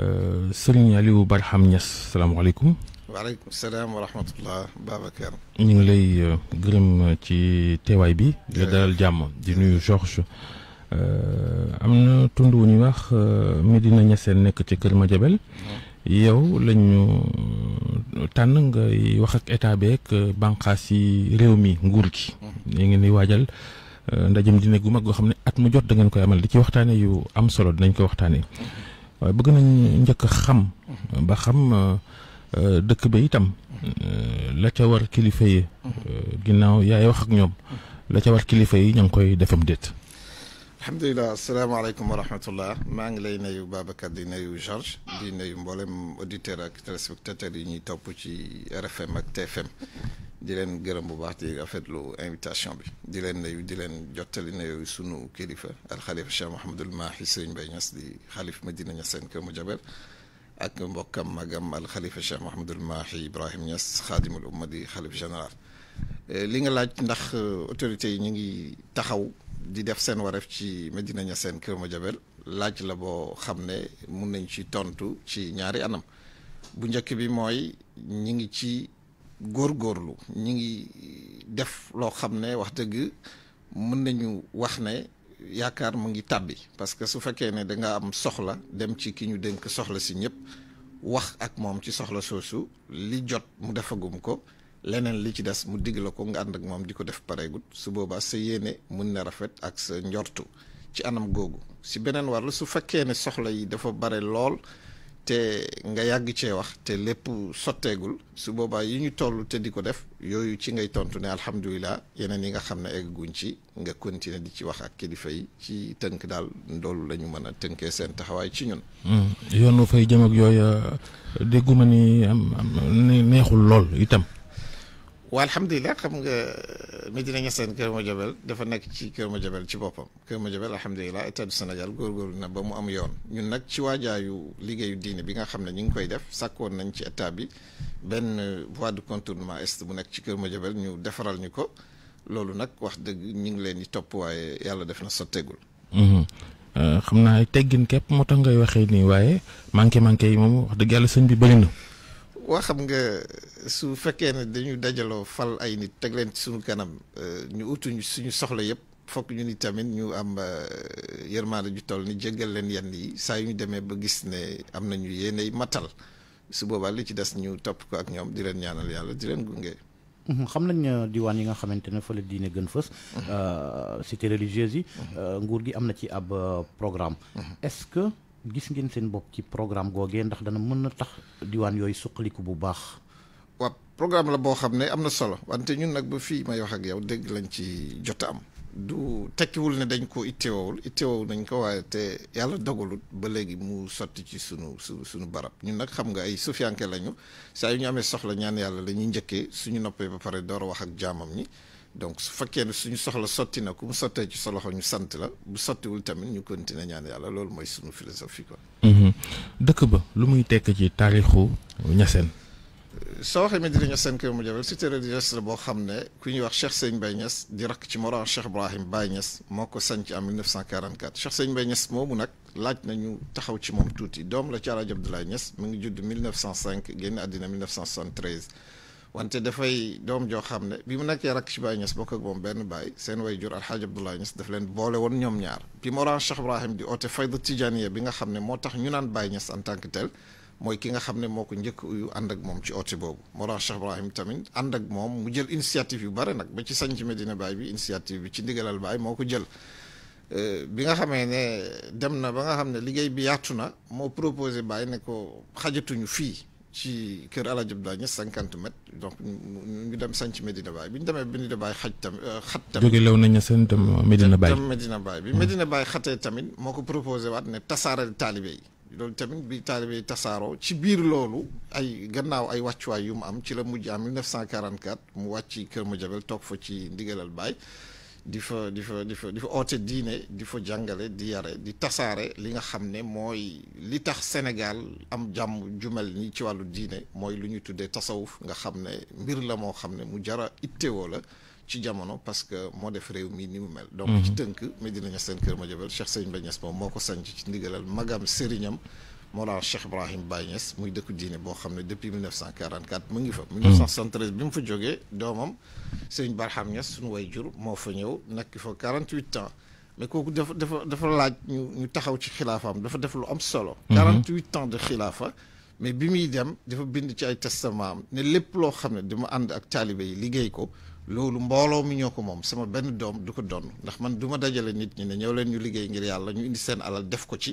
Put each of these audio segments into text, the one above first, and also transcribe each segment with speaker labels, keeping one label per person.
Speaker 1: Euh, sëriñ Aliou Barham Niass salaamaaleykum.
Speaker 2: waaleykum salaam wa rahmatullah Babacar.
Speaker 1: ñu ngi lay euh, gërëm euh, ci teewaay bi. di la dalal jàmm di nuyu Georges. am na tund wu ñuy nekk ci Kër yow lañ tànn ngay wax ak état beeg bànqaas réew mi nguur gi. yaa mm-hmm. ngi ni waajal ndajem dina gu mag goo xam ne at mu jot da ngeen koy amal di ci waxtaane yu am solo dinañ ko waxtaanee. Mm-hmm. waaye bëgg nañ njëkk xam ba xam dëkk ba itam la ca war kilifa yi ginnaaw yaay wax ak ñoom la ca war kilifa yi ña ngi koy defam déet
Speaker 2: alhamdulilah asalaamaaleykum wa rahmatullah maa ngi lay nuyu Babacar di nuyu Georges di nuyu mboolem auditeur ak téléspectateurs yi ñuy topp ci RFM ak TFM di leen gërëm bu baax di rafetlu invitation bi di leen nuyu di leen jottali na nuyu sunu kilifa alxalifa Cheikh Mouhamadul Mahi Serigne Mbaye Niass di xalif Madina Niassène Kër Madiabel ak mbokkam magam alxalifa Cheikh Mouhamadul Mahi Ibrahim Niass xaadimul umma di xalif général. Eh, li nga laaj ndax eh, autorités yi ñu ngi taxaw di def seen wareef ci Madina Niassène Kër Madiabel laaj la boo xam ne mun nañ ci tontu ci ñaari anam bu njëkk bi mooy ñi ngi ci. gorlu ñi ngi def lo xamne ne wax deug mën nañu wax ne yaakar mu ngi tabbi parce que su fekke ne da nga am soxla dem ci ki ñu denk soxla si ñep wax ak mom ci soxla soosu li jot mu defagum ko leneen li ci dess mu digg ko nga and ak mom diko def pareegut su boba sa yene mun na rafet ak sa ñortu ci anam googu si beneen wàll su fekke ne soxla yi dafa bare lol te nga yàgg cee wax te lépp sotteegul su boobaa yi ñu toll te di ko def yooyu ci ngay tontu ne alhamdulilah yeneen yi nga xam ne egguñ ci nga continuer di ci wax ak kilifa yi ci tënk daal ndoolu lañu ñu mën a tënkee seen taxawaay ci ñun.
Speaker 1: Hmm. yoonu fay jëm ak yooyu dégguma ni neexul lool itam.
Speaker 2: waa alhamdulilah xam nga euh, Medina Niassène Kër Madiabel dafa nekk ci Kër Madiabel ci boppam Kër Madiabel alhamdulilah état du Sénégal góorgóorlu na ba mu am yoon ñu nag ci waajaayu liggéeyu diine bi nga xam ne ñu ngi koy def sàkkoon nañ ci état bi benn euh, voie de contournement est bu nekk ci Kër Madiabel ñu defaral ñu ko loolu nag wax dëgg ñu ngi leen di topp waaye yàlla def na sotteegul.
Speaker 1: Mhm. Euh, xam naa teggin képp moo tax ngay waxee nii waaye manqué manqué yi moom wax dëgg yàlla sëñ bi bëri
Speaker 2: waa xam nga su fekkee ne dañu dajaloo fal ay nit teg leen ci suñu kanam euh, ñu utuñu suñu soxla yëpp fokk ñu ni tamit ñu am euh, yërmaande ju toll ni jéggal leen yenn yi saa yu ñu demee ba gis ne am nañu yéenay matal su boobaa li ci des ñu topp ko ak ñoom di leen ñaanal yàlla di leen gunge. Mmh, xam nañ euh, diwaan yi nga xamante ne fa la diine gën fës. Mmh. cité religieuse yi. Mmh. nguur gi am na ci ab programme. gis ngeen seen bopp ci programme googee ndax dana mën na tax diwaan yooyu suqaliku bu baax. waaw programme la boo xam ne am na solo wante ñun nag ba fii may wax ak yow dégg lañ ci jot am. du tekkiwul ne dañ ko itteewul itteewul nañ ko waaye te yàlla dogalut ba léegi mu sotti ci sunu su suñu barab ñun nag xam nga ay sufiyanke lañu saa yi ñu amee soxla ñaan yàlla la ñuy njëkkee suñu noppee ba pare door wax ak jaamam ñi. donc su fekkee ne suñu soxla sotti na ku mu sottee ci sa ñu sant la bu sottiwul tamit ñu continuer ñaan yàlla loolu mooy suñu philosophie quoi.
Speaker 1: Mhm. dëkk ba lu muy tekk ci taarixu Niassène.
Speaker 2: soo waxee Medina Niassène Kër Madiabel cité religieuse la boo xam ne ku ñuy wax Cheikh Seigne Baye Niass di rakk ci morom Cheikh Ibrahim Baye Niass moo ko ci en 1944 Cheikh Sëñ Baye Niass moomu nag laaj nañu taxaw ci moom tuuti doom la ci Alaaji Abdoulaye Niass mu ngi judd 1905 génn àddina 1973. wante dafay doom joo xam ne bi mu nekkee rakk ci Baye Niass bokk ak moom benn baay seen way jur alxaaji Abdoulaye Niass daf leen boole woon ñoom ñaar bi Mawlana Cheikh Ibrahim di oote fayda tijaniya bi nga xam ne moo tax ñu naan Baye Niass en tant que tel mooy ki nga xam ne moo ko njëkk uyu ànd ak moom ci oote boobu Mawlana Cheikh Ibrahim tamit ànd ak moom mu jël initiative yu bare nag ba ci sañ ci Medina Baye bi initiative bi ci ndigalal Baye moo ko jël euh, bi nga xamee ne dem na ba nga xam ne liggéey bi yaatu na moo proposé Baye ne ko xajatuñu fii ci kër El Hadj Abdoulaye Niass cinquante mètres donc ñu dem sanc Medina Baye bi ñu demee Medina baay xaj tam euh, xat tamit. jóge lew
Speaker 1: nañu seen tam Medina Baye tam
Speaker 2: Medina Baye bi hmm. Medina Baye xatee tamit moo ko proposé waat ne tasaareel taalibe yi. loolu tamit bi taalibe yi tasaaroo ci biir loolu ay gannaaw ay wàccuwaay yu mu am ci la mujj en 1944 mu wàcc kër Madiabel toog fa ci ndigalal baay di fa di fa di fa di fa oote diine di fa jàngale di yare di tasaare li nga xam ne mooy li tax Sénégal am jàmm jumel ni ci wàllu diine mooy lu ñuy tuddee tasawuf nga xam ne mbir la moo xam ne mu jara ittewoo la ci jamono parce que moo def réew mi ni mu mel donc mhm. ci tënk Medina Niassène Kër Madiabel Cheikh Serigne Ba Niass moom moo ko sanc ci ndigalal magam sëriñam Mawlana Cheikh Ibrahim Baye Niass muy dëkku diine boo xam ne depuis 1944 mu ngi fa. 1973 hmm. bi mu fa jógee doomam sëñ Barham Niass suñu way jur moo fa ñëw nekk fa 48 ans mais kooku dafa dafa dafa laaj ñu ñu taxaw ci xilaafaam dafa def lu am solo. 48 hmm. ans de xilaafa. mais bi muy dem dafa bind ci ay testament am ne lépp loo xam ne dama ànd ak taalibe liggéey ko loolu mbooloo mi ñëw ko moom sama benn doom du ko donn ndax man du ma dajale nit ñi ne ñëw leen ñu liggéey ngir yàlla ñu indi seen alal def ko ci.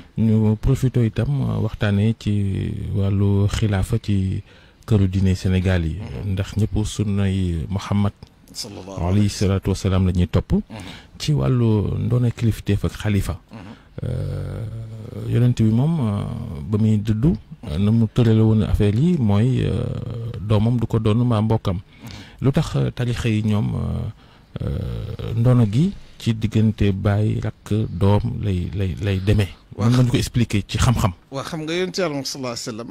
Speaker 1: ñu profité itam euh, waxtaanee ci wàllu xilaafa ci këru diine Sénégal yi. Mm-hmm. ndax ñëpp sunnay Muhammad alayhi salaatu wasalaam la ñuy topp. Mm-hmm. ci wàllu ndoona kilifteef ak xalifa. Mm-hmm. Euh, yonent bi moom euh, ba muy dudd. na mu tërale woon affaire yi mooy doomam du ko doon mbaa mbokkam. lu tax tarixa yi ñoom ndono gi. ci diggante bàyyi rakk doom lay lay lay demee. waaw mën nga ko expliquer ci xam-xam.
Speaker 2: waaw xam nga yonent Yàlla sallallahu alayhi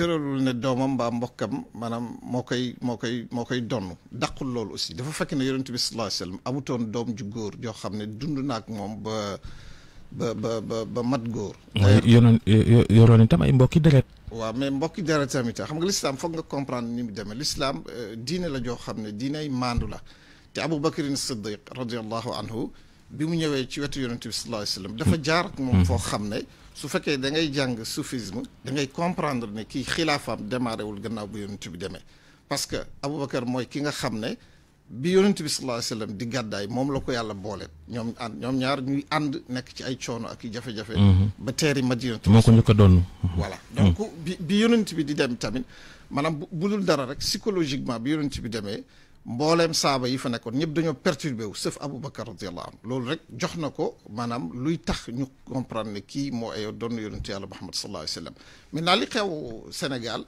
Speaker 2: wa euh, ne doomam mbaa mbokkam maanaam moo koy moo koy moo koy donn dàqul loolu aussi dafa fekk ne yonent bi sallallahu alayhi amutoon doom ju góor xam ne dund na ak moom ba ba ba ba ba mat góor. mooy
Speaker 1: yoroon yoroon itam ay mbokki deret.
Speaker 2: waaw mais mbokki deret tamit xam nga lislaam foog nga comprendre ni mu demee lislaam euh, diine la joo xam ne diiney maandu la. te Abu Bakrin Siddiq radiallahu anhu bi mu ñëwee ci wetu yonent bi sallallahu alayhi wasallam dafa jaar ak moom foo xam ne su fekkee da ngay jàng soufisme da ngay comprendre ne kii xilaafaam démarré wul gannaaw bu yonent bi demee parce que Aboubacar mooy ki nga xam bi yonent bi sallallahu alayhi wasallam di gàddaay moom la ko yàlla boole ñoom ànd ñoom ñaar ñuy ànd nekk ci ay coono ak i jafe-jafe ba teeri madinatu moo ko ñu ko voilà donc bi bi bi di dem tamit maanaam bu dul dara rek psychologiquement bi yonent bi demee mbollem saaba yi fa nekkon ñep dañu perturber wu seuf abou bakkar radiyallahu anhu lool rek jox na ko luy tax ñu comprendre ki mo moo ay doon yonentu yàlla Muhammad sallallahu alayhi wasallam sallam maintenant li xew Sénégal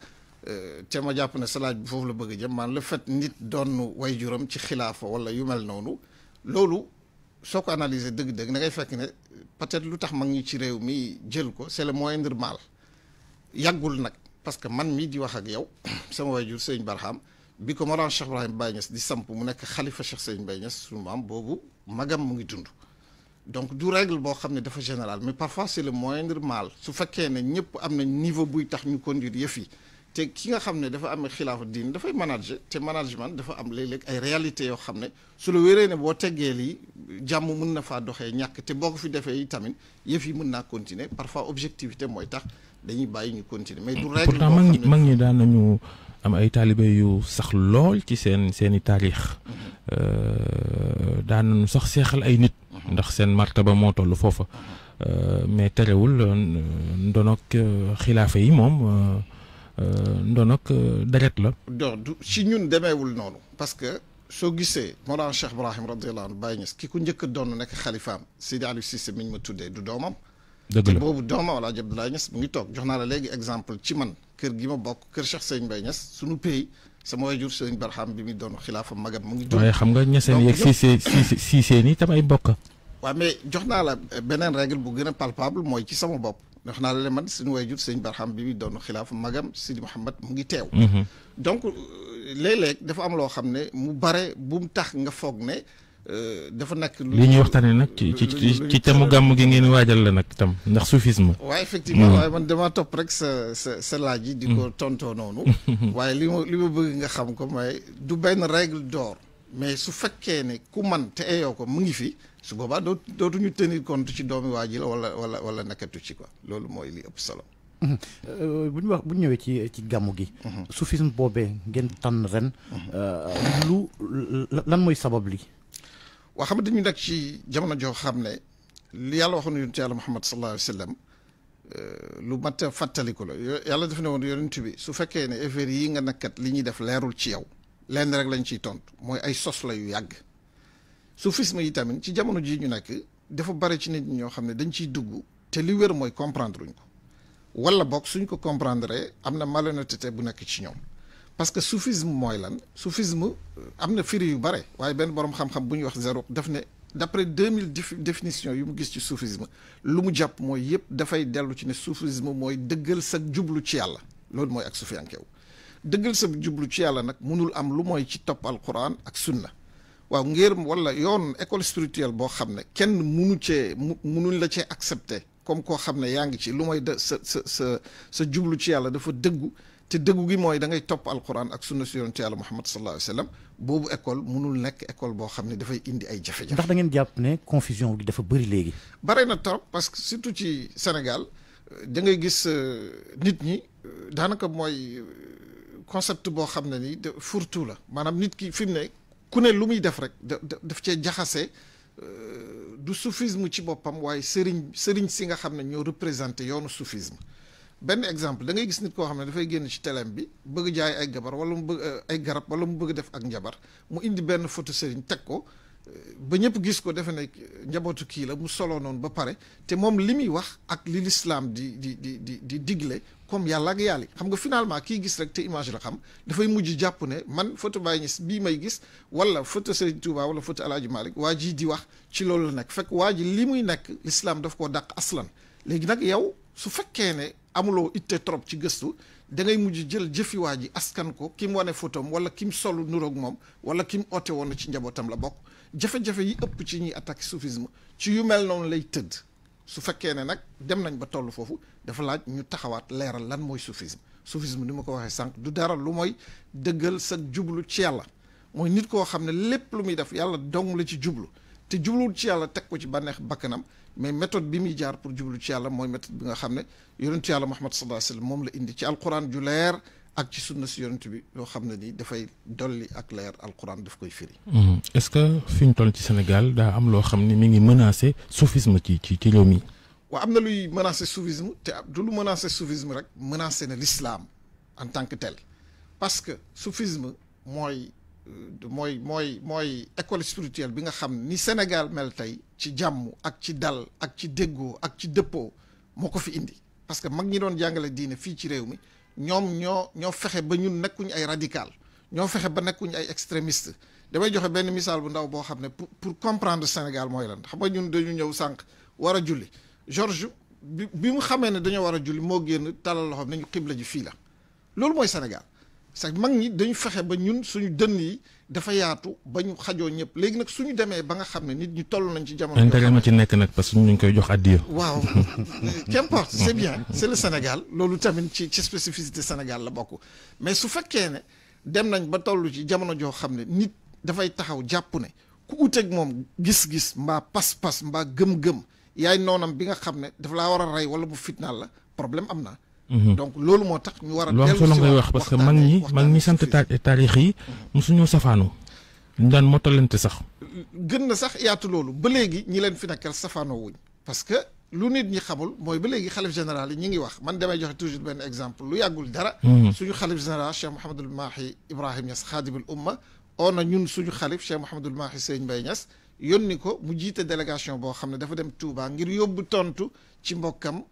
Speaker 2: te ma jàpp ne salaj bi foofu la bëgg jëm man le fait nit doon wayjuram ci khilafa wala yu mel nonu loolu soko analyser deug deug da ngay fekk ne peut-être lutax mag ñu ci rew mi jël ko c'est le moyen mal yagul nak parce que man mi di wax ak yow sama wayjur Sëñ Barham bi ko Mawlana Cheikh Ibrahim Baye Niass di samp mu nekk xalifa Cheikh Sëriñ Baye Niass suñu maam boobu magam mu ngi dund donc du règle boo xam ne dafa général mais parfois c'est le moindre mal su fekkee ne ñëpp am na niveau buy tax ñu conduire yëf yi te ki nga xam ne dafa amee xilaafa diin dafay manager te management dafa am léeg ay réalités yoo xam ne su la wéree ne boo teggee lii jàmm mun na faa doxee ñàkk te boo ko fi defee tamit yëf yi mën naa continuer parfois objectivité mooy tax dañuy bàyyi ñu continuer mais du règle pourtant mag
Speaker 1: ñi daan nañu am ay talibé yu sax lol ci sen seen tarikh euh daan sax seexal ay nit ndax sen martaba mo tollu toll euh mais terewul ndonok xilaafa yi mom euh ndonok deret la
Speaker 2: donc ci si ñun demeewul noonu parce que so gisee Mawlana Cheikh Ibrahim radiyallahu anhu Baye Niass ki ku njëkk doon nek xalifaam Sidi ali Cissé miñ ma tuddé du domam dëgg la boobu doomu Alaaji Abdoulaye Niass mu ngi toog jox naa la léegi exemple ci man kër gi ma bokk kër Cheikh Sëñ Mbaye Niass sunu pays sama waajur Sëñ Barham bi muy doon xilaafa magam mu ngi. waaye xam nga ñeseen yeeg siisee
Speaker 1: siisee nii tam ay bokk.
Speaker 2: waaw mais jox naa la bu gën a palpable mooy ci sama bopp jox naa la le man suñu waajur Sëñ Barham bi muy doon xilaafa magam Sidi Mouhamad mu ngi teew. Mhm. donc euh, léeg-léeg dafa am loo xam ne mu bare bu mu tax nga foog ne. Euh, dafa nag. li ñuy waxtaanee nag ci ci ci gàmm
Speaker 1: gi ngeen waajal la nag tam ndax soufisme. waaye effectivement hmm. waaye
Speaker 2: man damaa topp rek sa sa laaj yi. di ko hmm. tontoo noonu. waaye li ma li bëgg nga xam ko mooy du benn règle door mais su fekkee ne ku man te eyoo ko mu ngi fi su boobaa doo dootuñu tenir compte ci doomi waa ji la wala wala wala nakatu ci ko loolu mooy li ëpp solo. Hmm. Euh, bu ñu wax bu ñëwee ci ci gàmmu gi. soufisme boobee ngeen tànn ren. Euh, lu lan mooy sabab li. waa xam ne dañu nekk ci jamono joo xam ne li yàlla waxoon yonent yàlla Muhammad sallallahu alayhi wa sallam euh, lu mat a fàttaliku la yàlla def ne woon yonent bi su fekkee ne affaire yi nga nekkat li ñuy def leerul ci yow lenn rek lañ ciy tontu mooy ay sos la yu yàgg soufisme yi tamit ci jamono jii ñu nekk dafa bare ci nit ñoo xam ne dañ ciy dugg te li wér mooy comprendre uñ ko wala boog suñ ko comprendre am na malhonnêteté bu nekk ci ñoom parce que soufisme mooy lan soufisme euh, am na firi yu bare waaye benn boroom xam-xam bu ñuy wax Zaruq daf ne d'après deux mille definition yu mu gis ci soufisme lu mu jàpp mooy yëpp dafay dellu ci ne soufisme mooy dëggal sa jublu ci yàlla loolu mooy ak sufiyankew dëggal sa jublu ci yàlla nag mënul am lu mooy ci topp alquran ak sunna waaw ngir wala yoon école spirituelle boo xam ne kenn munu cee mu munuñ la cee accepter comme koo xam ne yaa ngi ci lu mooy da sa sa sa jublu ci yàlla dafa dëggu te dëggu gi mooy da ngay topp alquran ak sunna si yonent yàlla Muhammad sallallahu alayhi wa boobu école munul nekk école boo xam ne dafay indi ay jafe-jafe. ndax da ngeen jàpp ne confusion bi dafa bëri léegi. bare na trop parce que surtout ci Sénégal da ngay gis euh, nit ñi euh, daanaka mooy euh, concept boo xam ne ni de furtu la maanaam nit ki fi mu ne ku ne lu muy def rek daf cee jaxase. du soufisme ci boppam waaye sëriñ sëriñ si nga xam ne ñoo représenté yoonu soufisme benn exemple da ngay gis nit koo xam ne dafay génn ci teleem bi bëgg jaay ay gabar wala mu bëgg eh, ay garab wala mu bëgg def ak njabar mu indi benn photo sëriñ teg ko eh, ba ñëpp gis ko defe ne njabootu kii la mu soloo noonu ba pare te moom li muy wax ak li lislaam di di di di di digle comme yàlla ak yàlla xam nga finalement kii gis rek te image la xam dafay mujj jàpp ne man photo Baye Niass bii may gis wala photo Serigne Touba wala photo El Hadj waa ji di wax ci loolu la nekk fekk waa ji li muy nekk lislaam daf koo dàq aslan léegi nag yow amuloo itte trop ci gëstu da mujj jël jëfiwaa ji askan ko ki mu wane fotoom wala ki mu solu nuroog moom wala ki mu oote woon ci njabootam la bokk jafe-jafe yi ëpp ci ñuy attaque soufisme ci yu mel noonu lay tëdd su fekkee ne nag dem nañ ba toll foofu dafa laaj ñu taxawaat leeral lan mooy soufisme soufisme ni ma ko waxee sànq du dara lu mooy dëggal sag jublu ci yàlla mooy nit koo xam ne lépp lu muy def yàlla dong la ci jublu te djublu ci yàlla tek ko ci banex bakanam mais méthode bi mi jaar pour djublu ci yàlla moy méthode bi nga xamné yaronte yàlla mohammed sallallahu alayhi wasallam mom la indi ci alquran ju leer ak ci sunna ci yaronte bi yoo xamné ni da fay doli ak leer alquran daf koy firi.
Speaker 1: est-ce que fiñ ñu toll ci Sénégal da am lo xamné mi ngi menacer soufisme ci ci ci réew mi.
Speaker 2: waaw am luy menacer soufisme te du lu menacer soufisme rek menacer na l'islam en tant que tel parce que soufisme moy Euh, moy moy moy école spirituelle bi nga xam ni Sénégal mel tay ci jamm ak ci dal ak ci déggo ak ci moko fi indi parce que mag ñi doon jàngale diiné fi ci réew mi ñoom ñoo ñoo fexé ba ñun nekkuñ ay radical ñoo fexé ba nekkuñ ay extrémiste damay joxe benn misal bu ndaw bo xamné pour comprendre Sénégal moy lan xam nga ñun dañu ñew sank wara julli George bi mu xamé né dañu wara julli mo génn talal nañu qibla ji fi la lool moy Sénégal sax mag ñi dañu fexe ba ñun suñu dënn yi dafa yaatu ba ñu xajoo ñëpp léegi nag suñu demee ba nga xam ne nit ñi toll nañ ci jamono. intérêt ma
Speaker 1: ci nekk nag parce que ñu ngi koy jox addiya. waaw qu'importe c'est bien c'est le
Speaker 2: Sénégal loolu tamit ci spécificité Sénégal la bokk mais su fekkee ne dem nañ ba toll ci jamono joo xam ne nit dafay taxaw jàpp ne ku uteeg moom gis-gis mbaa pas-pas mbaa gëm-gëm yaay noonam bi nga xam ne dafa laa war a rey wala bu fitnaal la problème am na. Mhm. donc loolu moo tax ñu war a. dellu si lu am solo ngay wax
Speaker 1: parce que mag ñi mag ñi sant taarix yi mosuñoo safaanoo. ñu daan mottalante sax.
Speaker 2: gën na sax yaatu loolu ba léegi ñi leen fi nekkal safaanoo wuñ parce que lu nit ñi xamul mooy ba léegi xalif général yi ñi ngi wax man damay jox toujours benn exemple lu yàggul dara. Mhm. suñu xalif général Mouhamadul Mahi Ibrahim Niass xaadimul umma oo na ñun suñu xalif Cheikh Mouhamadul Mahi Sëñ Mbaye Niass yónni ko mu jiite délégation boo xam ne dafa dem Touba ngir yóbbu tontu ci mbokkam.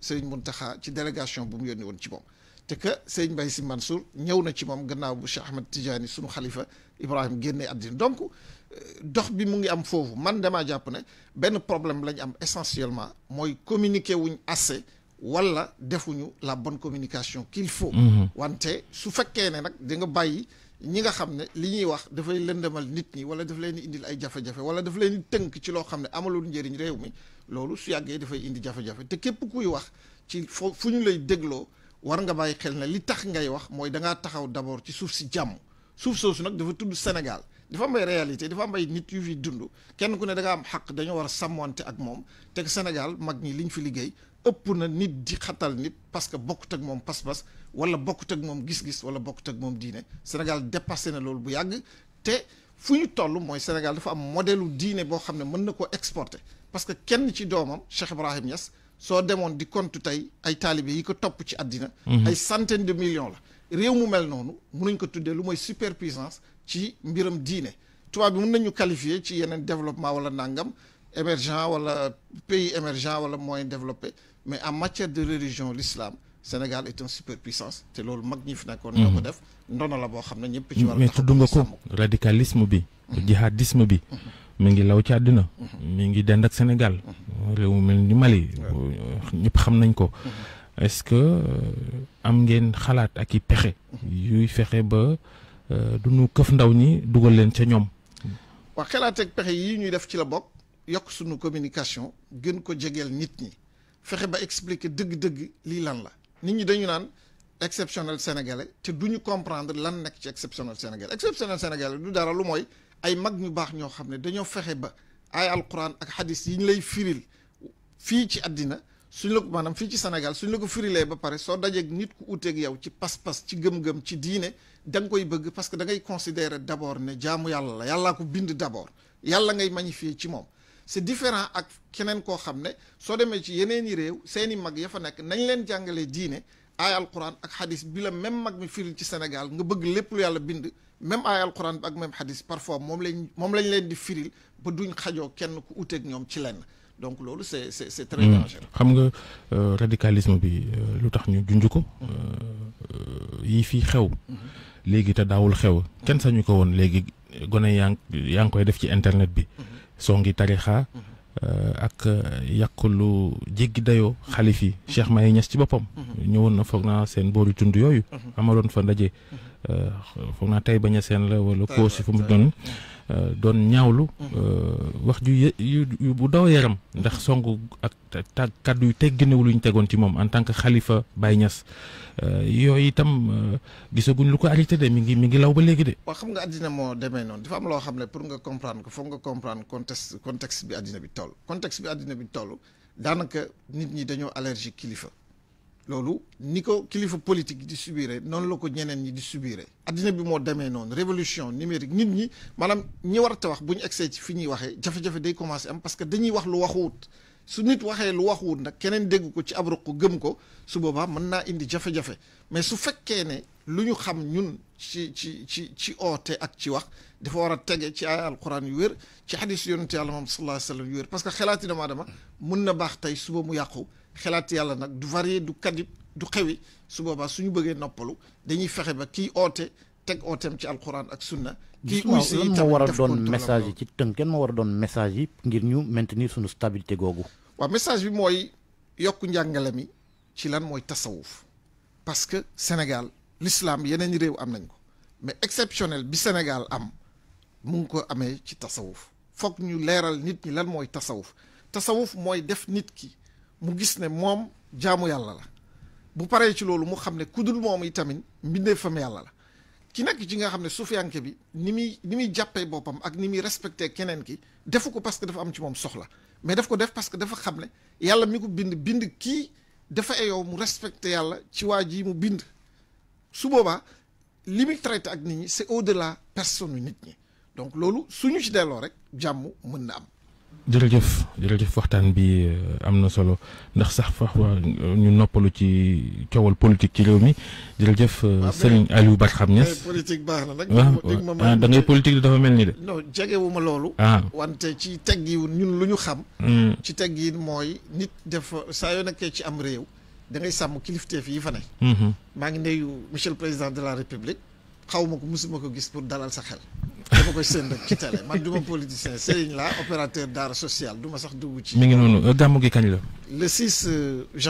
Speaker 2: c'est une Mountakha ci délégation bu mu yónni woon ci moom te que c'est une Sy Mansour ñëw na ci moom gannaaw bu Cheikh Ahmed tijani sunu Khalifa, Ibrahim génnee àddina donc euh, dox bi mu ngi am fofu man dama japp ne ben problème lañ am essentiellement moy communiquer wuñ assez wala defuñu la bonne communication qu'il faut. Mm-hmm. wante su fekkee ne nak di nga bàyyi. ñi nga xam ne li ñuy wax dafay lëndëmal nit ñi wala daf leen di indil ay jafé jafé wala daf leen di tënk ci lo xam amalul njëriñ rew mi loolu su yàggee dafay indi jafe-jafe te képp kuy wax ci foo fu ñu lay dégloo war nga bàyyi xel na li tax ngay wax mooy da ngaa taxaw d'abord ci suuf si jàmm suuf soosu nag dafa tudd Sénégal dafa am réalité dafa am ay nit yu fi dund kenn ku ne da am xaq dañoo war a sàmmante ak moom te mag ñi liñ fi liggéey ëpp na nit di xatal nit parce que bokkut ak moom pas-pas wala bokkut ak wala bokkut moom diine Sénégal dépassé na loolu bu yàgg te fu ñu toll mooy Sénégal dafa am modèle diine boo xam ne mën na koo exporter parce que kenn ci Cheikh Ibrahim di compte ay ko ci Adina, mhm. de millions la rew mu mel ko superpuissance ci mbiram tu bi qualifier ci développement pays émergent wala moins développé mais en matière de religion l'islam Sénégal est une superpuissance C'est loolu mag mhm. mais
Speaker 1: radicalisme bi. djihadisme mhm mi ngi law ci àddina mi ngi dend ak Sénégal réew mu mel ni Mali ñëpp xam nañ ko est-ce que euh, am ngeen xalaat ak i pexe yuy fexe ba euh, du ñu këf ndaw ñi duggal leen ca ñom
Speaker 2: wa xalaat ak pexe yi ñuy def ci la bok yok suñu communication gën ko jegeel nit ñi fexe ba expliquer deug deug li lan la nit ñi dañu naan exceptionnel sénégalais te duñu comprendre lan nek ci exceptionnel sénégalais exceptionnel sénégalais du dara lu moy ay mag ñu baax ñoo xam ne dañoo fexe ba ay alquran ak hadis yi ñu lay firil fii ci àddina suñ la maanaam fii ci Sénégal suñ la ko firilee ba pare soo dajeeg nit ku uteeg yow ci pas-pas ci gëm-gëm ci diine da koy bëgg parce que da ngay considérer d'abord ne jaamu yàlla la yàllaa ko bind d'abord yàlla ngay mañi fii ci moom c'est différent ak keneen koo xam ne soo demee ci yeneen i réew seen i mag ya fa nekk nañ leen jàngalee diine aaya alquran ak xadis bi la même mag mi firil ci Sénégal nga bëgg lépp lu yàlla bind même aaya alquran bi ak même xadis parfois moom lañ moom lañ leen di firil ba duñ xajoo kenn ku uteeg ñoom ci lenn donc loolu c'est c'est c'est très hmm.
Speaker 1: xam nga euh, radicalisme bi euh, lu tax ñu junj ko. Hmm. Euh, yii fii xew. Hmm. léegi te daawul xew kenn sañu ko woon léegi gone yaa ngi yaa koy def ci internet bi. songi tarixa Euh, ak euh, yàq lu jéggi dayoo xalifi yi Cheikh Mahi Niass ci boppam. Mhm. ñëwoon na foog naa seen boori tund yooyu. Mhm. amaloon fa ndaje. Mhm. Euh, foog naa tey bañ a seen la wala koosi fu mu doon. Euh, doon ñaawlu euh, wax ju yu bu daw yaram ndax mhm. song ak tag kàddu yu tegginewu lu ñu tegoon ci moom en tant que xalifa Baye Niass euh, yooyu itam gisaguñ lu ko arrêté de mi ngi mi ngi law ba léegi de
Speaker 2: waaw xam nga àddina moo demee noonu dafa am loo xam ne pour nga comprendre ko foog nga comprendre contexte contexte bi àddina bi toll contexte bi àddina bi toll daanaka nit ñi dañoo allergie kilifa loolu ni ko kilifa politique di subire noonu la ko ñeneen ñi di subire addina bi moo demee noonu révolution numérique nit ñi maanaam ñi war a wax bu ñu egsee ci fi ñuy waxee jafe-jafe day commencé am parce que dañuy wax lu waxuwut su nit waxee lu waxuwut nag keneen dégg ko ci ab ruq gëm ko su boobaa mën naa indi jafe-jafe mais su fekkee ne lu ñu xam ñun ci ci ci ci oote ak ci wax dafa war a tege ci ay alquran yu wér ci xadis yonente yàlla moom sallallahu alayhi wa sallam yu wér parce que xalaati doomu aadama mun na baax tey suba mu yàqu xalaat yàlla nag du varié du kadib du xewi su boobaa suñu bëggee noppalu dañuy fexe ba kii oote teg ooteem ci alxuraan ak sunna kii aussi lan moo war a doon message yi ci tënk lan moo war a doon message yi ngir ñu maintenir sunu stabilité googu waa message bi mooy yokk njàngale mi ci lan mooy tasawuf parce que Sénégal l'islam yeneen réew am nañ ko mais exceptionnel bi Sénégal am mu ngi ko amee ci tasawuf foog ñu leeral nit ñi lan mooy tasawuf tasawuf mooy def nit ki mu gis ne moom jaamu yàlla la bu paree ci loolu mu xam ne ku dul moom itamit mbindeefam yàlla la ki nekk ci nga xam ne bi ni muy ni muy jàppee boppam ak ni respecté keneen ki defu ko parce que dafa am ci moom soxla mais daf ko def parce que dafa xam ne yàlla mi ko bind bind kii dafa eyoo mu respecté yàlla ci waa ji mu bind su boobaa li muy traité ak nit ñi c'est au-delà personne nit ñi donc loolu suñu ci delloo rek jàmm mën am
Speaker 1: jërëjëf jërëjëf waxtaan bi euh, am na solo ndax sax fa ñu noppalu ci coowal politique ci réew mi jërëjëf euh, sëriñ Aliou Barham Niass politique baax na nag waaw da ngay dafa mel ni de
Speaker 2: non loolu ah. wante ci teggiin ñun lu ñu xam hmm. ci teggiin mooy nit def saa yoo nekkee ci am réew da ngay sàmm kilifteef yi fa ne hmm, hmm. maa ngi nuyu monsieur le président de la république xaw ma ko mosuma ko gis pour dalal sa xel je politicien opérateur d'art social le 6 euh, janvier.